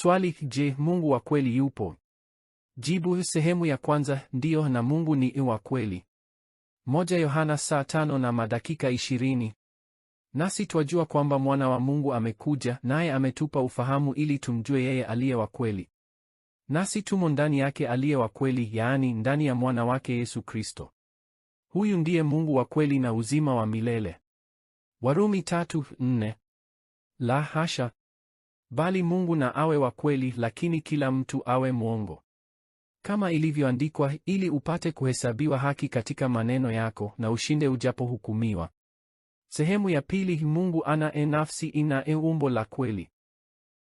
Swali: Je, Mungu wa kweli yupo? Jibu: sehemu ya kwanza, ndiyo, na Mungu ni wa kweli. Moja Yohana saa tano na madakika ishirini. Nasi twajua kwamba mwana wa Mungu amekuja, naye ametupa ufahamu ili tumjue yeye aliye wa kweli, nasi tumo ndani yake aliye wa kweli, yaani ndani ya mwana wake Yesu Kristo. Huyu ndiye Mungu wa kweli na uzima wa milele. Warumi tatu nne. La hasha! Bali Mungu na awe wa kweli, lakini kila mtu awe mwongo. Kama ilivyoandikwa, ili upate kuhesabiwa haki katika maneno yako na ushinde ujapohukumiwa. Sehemu ya pili, Mungu ana e nafsi ina e umbo la kweli.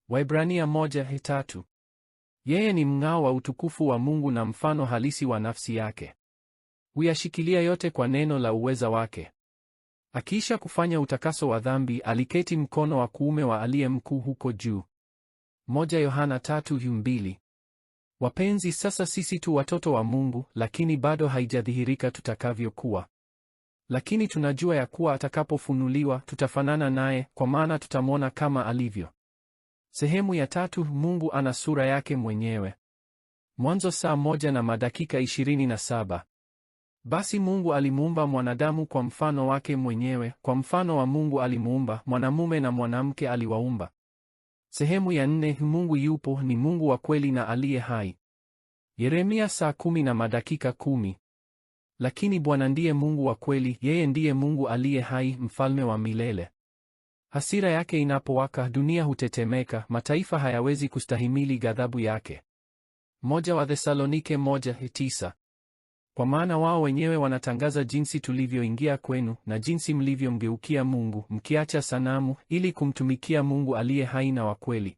Waibrania moja hetatu. Yeye ni mng'ao wa utukufu wa Mungu na mfano halisi wa nafsi yake. Huyashikilia yote kwa neno la uweza wake. Akiisha kufanya utakaso wa dhambi, aliketi mkono wa kuume wa aliye mkuu huko juu. Moja Yohana tatu mbili. Wapenzi, sasa sisi tu watoto wa Mungu, lakini bado haijadhihirika tutakavyokuwa. Lakini tunajua ya kuwa atakapofunuliwa tutafanana naye, kwa maana tutamwona kama alivyo. Sehemu ya tatu. Mungu ana sura yake mwenyewe. Mwanzo saa moja na madakika 27. Basi Mungu alimuumba mwanadamu kwa mfano wake mwenyewe, kwa mfano wa Mungu alimuumba, mwanamume na mwanamke aliwaumba. Sehemu ya nne. Mungu yupo, ni Mungu wa kweli na aliye hai. Yeremia saa kumi na madakika kumi. Lakini Bwana ndiye Mungu wa kweli, yeye ndiye Mungu aliye hai, mfalme wa milele. Hasira yake inapowaka, dunia hutetemeka, mataifa hayawezi kustahimili ghadhabu yake. Moja wa Thesalonike moja tisa. Kwa maana wao wenyewe wanatangaza jinsi tulivyoingia kwenu na jinsi mlivyomgeukia Mungu mkiacha sanamu ili kumtumikia Mungu aliye hai na wa kweli.